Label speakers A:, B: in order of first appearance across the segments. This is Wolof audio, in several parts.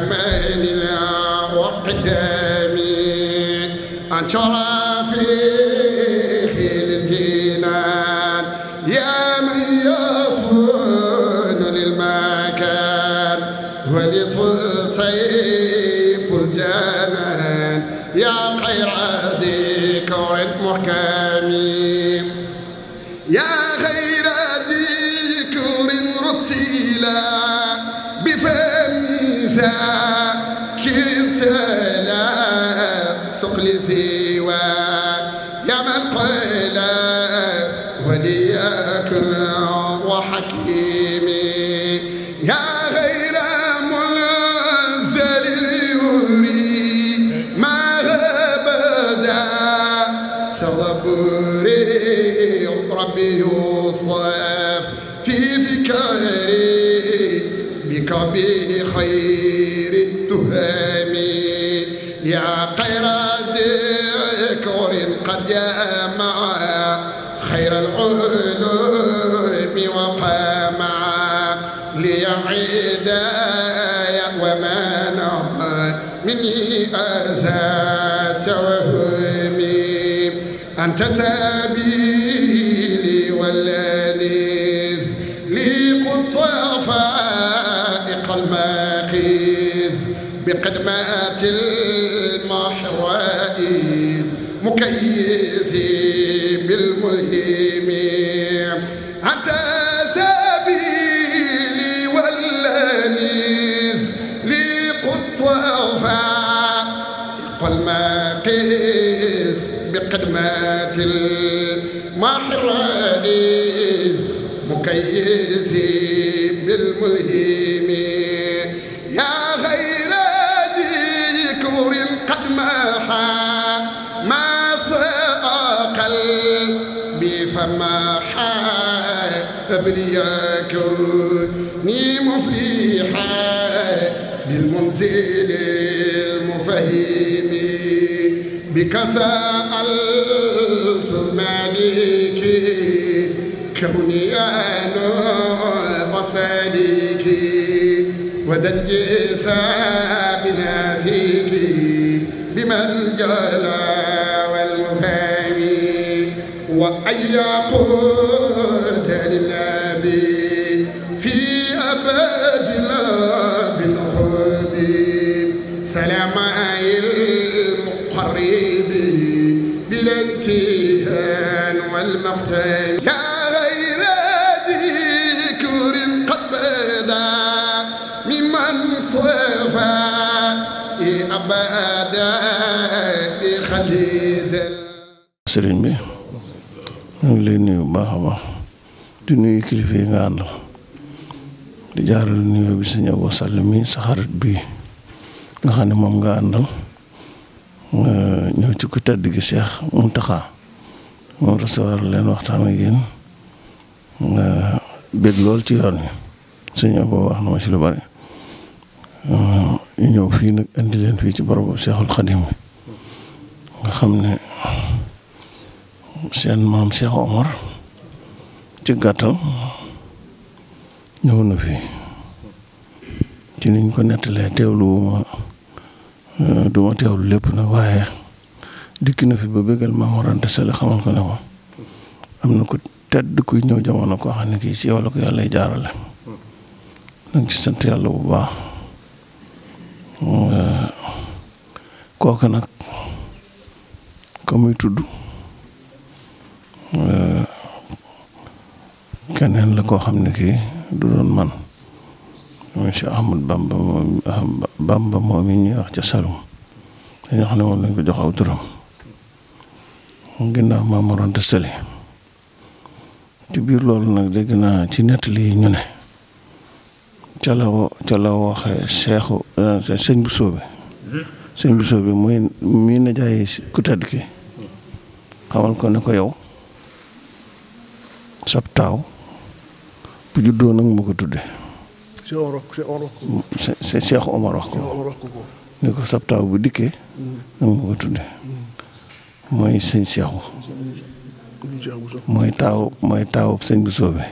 A: كمالنا وقدامي أن ترى في شاكر لا سقل سوى يا من قيل وليك وحكيم يا غير منزل اليوري ما غبدا صبري ربي يوصف في فكري بك بخير التهام يا خير ذكر قد جمع خير العلوم وقامع ليعيد ومنع مني أذى توهمي أنت سبيلي والذي بقد مات المحرائز مكيسي بالملهم حتى سبيلي والانيس لي قطفا والماقيس بقد مات المحرائز مكيسي بالملهم أضحى ما ساق قلبي فما حابريكني مفلحا للمنزل المفهم بك سألت مالكي كوني أنا وصالكي ودنجي سابناسكي لمن جلا والمفاني وأيا قوت للنبي في أبدنا بالحب سلام المقرب بلا انتهان والمقتل
B: sëriñ bi ñu ngi lay nuyu bu baax a baax di nuyu kilifa nga àndal di jaaral nuyu bi sëñ Abo Sall mi sa xarit bii nga xam ne moom nga àndal nga ñëw ci ku tedd gi Cheikh Mountakha moom recevoir leen waxtaan ak yéen nga bég lool ci yoon wi sëñ Abo wax na ma ci lu bari ñu ñëw fii nag indi leen fii ci borobu Cheikhul Xadim bi xam ne seen maam Cheikh Omar ci gàttal ñëw na fi ci niñ ko nettalee teewluwuma euh, du ma teewlu lépp nag waaye dikk na fi ba bëggal maam Mor Anta Sali xamal ko ne ko am na ko tedd kuy ñëw jamono koo xam ne kii ci yow la ko yàlla jaarale nañ ci sant yàlla bu baax euh, kooku nag ka muy tudd euh, keneen la koo xam ne kii du doon man mooy Cheikh Ahmad Bamba moom Bamba moom mi ñuy wax ca Saloum dañoo xam ne woon lañ ko jox aw turam moom ginnaaw Maam Mor Anta Sali ci biir loolu nag dégg naa ci nettali yi ñu ne ca la wo ca la waxee Cheikhu euh, sëñ bu soobe sëñ bu soobe mooy mii na jaay ku ki xamal ko ne ko yow sab taaw bu juddoo nag ma ko tudde Cheikh Omar wax ko ne ko sab bu dikkee mm. nag ma ko tudde mm. mooy sëñ Cheikhu bu soobe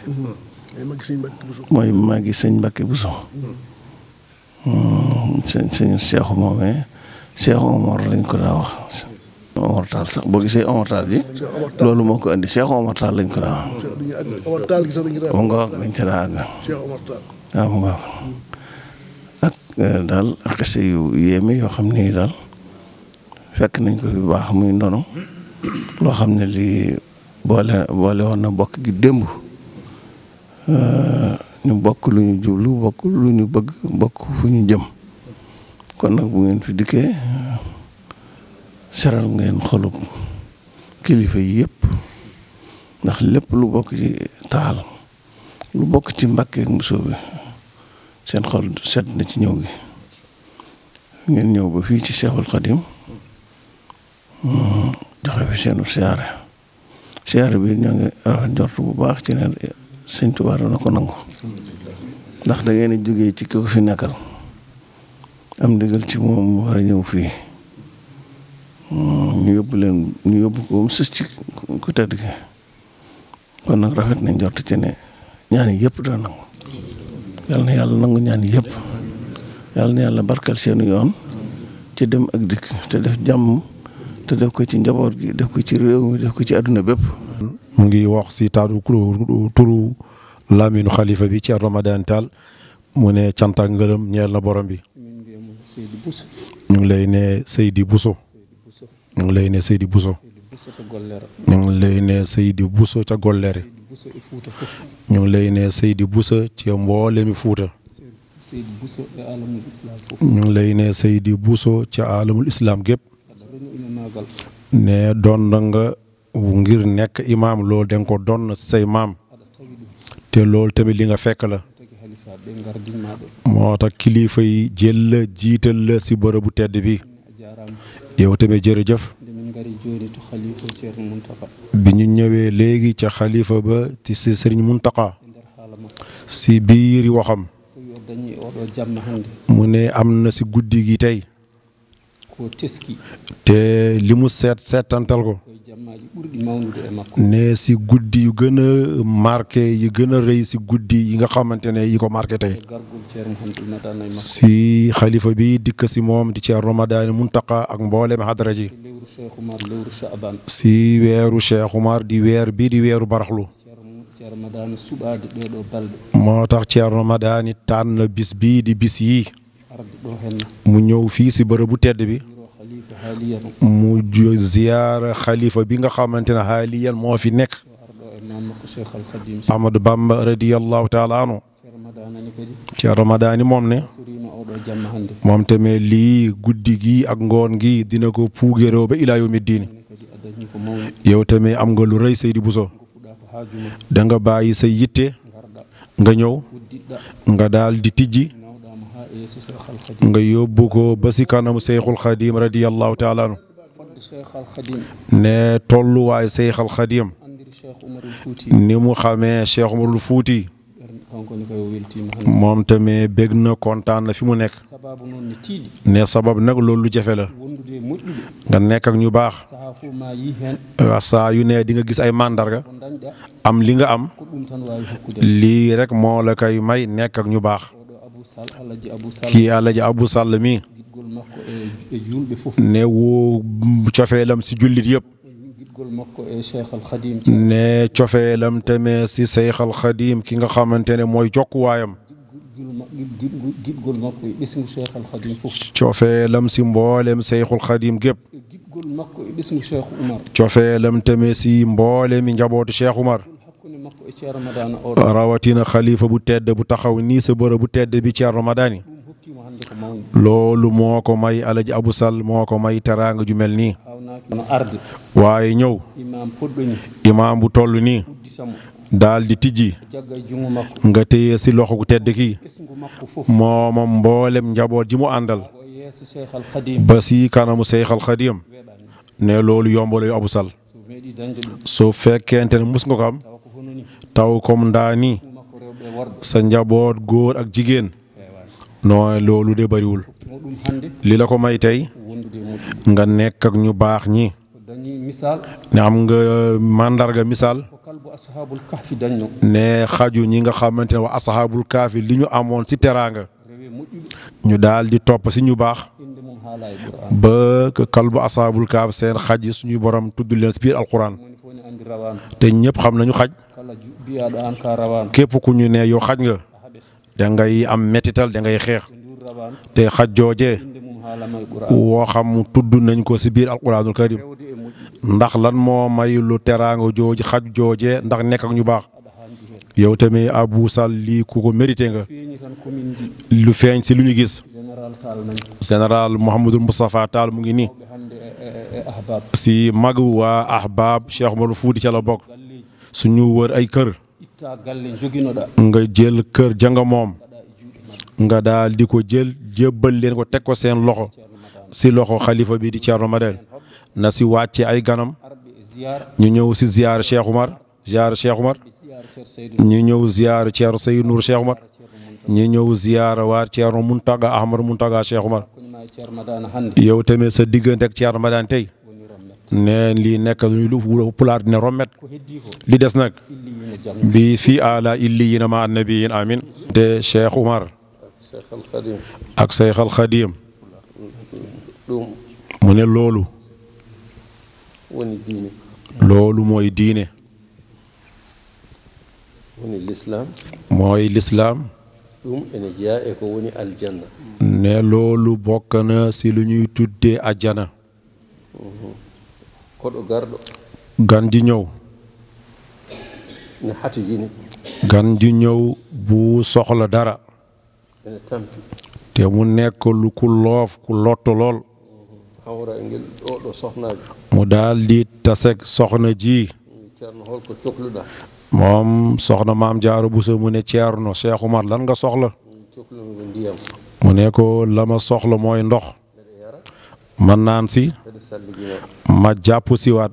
B: mooy magi sëñ Mbàkke mm. moomee Cheikh Omar lañ ko daa wax Omar sax boo gisee Omar ji loolu moo ko indi Cheikh Omar lañ ko daan
A: mu lañ ca daan waaw mu nga wax
B: ak eh, daal xese yu yéeme yoo xam ne daal fekk nañ ko bu baax muy noonu loo xam ne lii boole boole woon na bokk gi démb eh, ñu bokk lu ñu jublu bokk lu ñu bëgg bokk fu ñu jëm kon nag bu ngeen fi dikkee seral ngeen xolub kilifa yi ndax lépp lu bokk ci taal lu bokk ci mbàkke ak musóobe seen xol sedd na ci ñëw gi ngeen ñëw ba fii ci seexul xadim joxe fi seenu siyaare siyaare bi ñoo ngi rafet njort bu baax ci ne sëñ Tuubaa dana ko nangu ndax da ngeen a jógee ci kaw fi nekkal am ndigal ci moom war a ñëw fii ñu yóbbu leen ñu yóbbu ko mu sës ci ku tedd gi kon nag rafet nañ jot ci ne ñaan yëpp dana nangu na yàlla nangu ñaan yëpp yal na yàlla barkal seenu yoon ci dem ak dikk te def jàmm te def ko ci njaboot gi def ko ci réew mi def ko ci àdduna bépp.
C: mu ngi wax si taatu turu Lamine xalifa bi ci Ramadan Tall mu ne cant ak ngërëm ñeel na borom bi.
B: ñu
C: ngi lay ne Seydi Bousso. ñu ngi lay ne Seydi Bousso ñu ngi lay ne ca Golléré ne Seydi Bousso ci mboolemi Fuuta ñu ngi lay ne Seydi Bousso ci alamul islam gépp ne doon nga ngir nekk imaam loolu da nga say maam te loolu tamit li nga fekk la moo tax kilifa yi jël la jiital la si bërëbu tedd bi yow tamit jërëjëf. bi ñu ñëwee léegi ca xalifa ba ci sëriñ Muntaqa si biiri waxam. mu ne am na si guddi gi tey. te li mu seet seetantal ko. ne si guddi yu gën a marqué yu gën a rëy si guddi yi nga xamante ne yi ko marqué tey si xalifa bi dikk si moom di Ceerno Madani Muntaqa ak mboolem xadara ji si weeru Cheikh mar di weer bi di weeru baraxlu moo tax Ceerno Madani tànn bis bi di bis yi mu ñëw fii si bërëbu tedd bi mu ziyaara xalifa bi nga xamante ne haaliyan moo fi nekk Ahmadou Bamba radiyallahu taala anhu ci ramadaani moom ne moom tamit lii guddi gi ak ngoon gi dina ko puugéroo ba ilaa yawmi diini yow am nga lu rëy Seydi Bousso da nga bàyyi say yitte nga ñëw nga daal tijji nga yóbbu ko ba si kanamu Seyxul Xadim radiyallahu taala anhu ne tolluwaay Seyxul Xadim ni mu xamee Cheikh Umarul Fuuti moom tamit bég na kontaan na fi mu nekk ne sabab nag loolu lu jafe la nga nekk ak ñu baax waaw saa yu ne di gis ay màndarga am li nga am lii rek moo la may nekk ak ñu baax kii alaji Abu Sall mi e, e ne wu cofeelam si jullit yëpp e ne cofeelam tamit si Seex al ki nga xamante ne mooy jokkuwaayam cofeelam si mboolem Seexul Xadiim gépp cofeelam tamit si mboolem njabootu Cheikh Umar rawatina xalifa bu tedd bu taxaw nii sa bu tedd bi Ceerno Madani loolu moo ko may alaji Abou moo ko may teraanga ju mel nii waaye ñëw imaam bu toll nii daal di tijji nga téye si loxo gu tedd kii moomam mboolem njaboot ji mu àndal ba si kanamu Seyxal Xadiim ne loolu yombal yu Abou Sall su fekkente mus nga ko tawkom ni sa njaboot góor ak jigéen non loolu de bariwul li la ko may tey nga nekk ak ñu baax ñi ne am nga euh, màndarga misaal ne xaju ñi nga xamante ne waa asxaabul kaafi li ñu amoon si teraanga ñu daal di topp si ñu baax ba kalbu asxaabul kaafi seen xaj suñu borom tudd leen ci biir alquran te ñëpp xam nañu xaj képp ku ñu ne yo xaj nga da am metital da ngay xeex te xaj jooje woo xam tudd nañ ko si biir alquranul karim e ndax lan moo may lu teraanga jooji xaj jooje ndax nekk ñu baax yow tamit Abu Sall lii ko mérité nga lu feeñ si lu gis général Mouhamadul Moustapha Tall mu ngi nii. si mag waa ahbaab Cheikh Oumar Fuuti ca la bokk suñu wër ay kër nga jël kër janga moom nga daal di ko jël jébbal leen ko teg ko seen loxo si loxo xalifa bi di Thierno Madel na si wàcce ay ganam ñu ñëw si ziar Cheikh Oumar ziar Cheikh Oumar ñu ñëw ziar Thierno Seydou Nour Cheikh Oumar ñu ñëw ziar waa Thierno Muntaga Ahmad Muntaga Cheikh Oumar yow tamit sa diggante ak Thierno Madane tey ne lii nekk lu lu pulaar ne romet li des nag bi fii àla illiyin ma annabiyin amin te Cheikh Oumar ak Cheikh Al Khadim mu ne loolu loolu mooy diine mooy lislaam
B: ɗum ene
C: ne loolu bokk na si lu ñuy tuddee ajjana
B: umm. koɗo garɗo
C: gandi ñëw ganju ñëw bu soxla dara te mu nekk lu ku loof ku lotto lool
B: umm.
C: e mu daal di tasek soxna ji umm, moom soxna maam jaaro busa mu ne no Cheikh Umar lan nga soxla mu ne ko lama soxla mooy ndox man naan si ma jàpp siwaat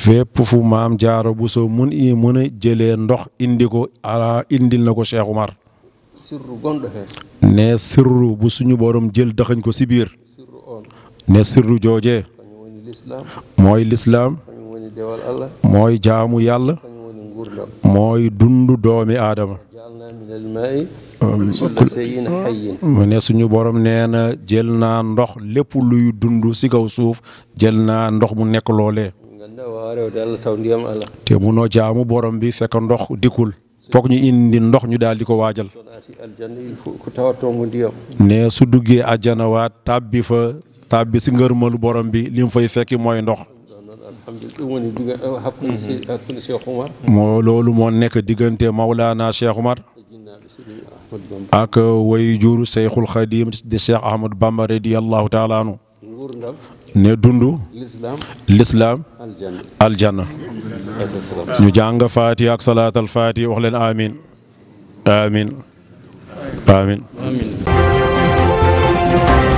C: fépp fu maam jaaro bu so mun i mun a ndox indi ko ala indil na ko Cheikh Umar ne sirru bu suñu borom jël daxañ ko si biir ne sirru joojee mooy lislaam mooy jaamu yàlla mooy dundu doomi aadama um, mu ne suñu borom nee na jël naa ndox lépp luy dund si kaw suuf jël naa ndox mu nekk loole te munoo jaamu borom bi fekk ndox dikkul foog ñu indi ndox ñu daal di ko waajal ne su duggee àjjana waa tàbbi fa tàbbi si ngërmalu borom bi li mu fay fekki mooy ndox moo loolu moo nekk diggante Mawlaana Cheikh Umar ak way juru Seyxul Xadim di Cheikh Ahmad Bamba radiyallahu taala ne dund lislaam aljanna ñu jàng faati ak salaat al faati amin
B: amin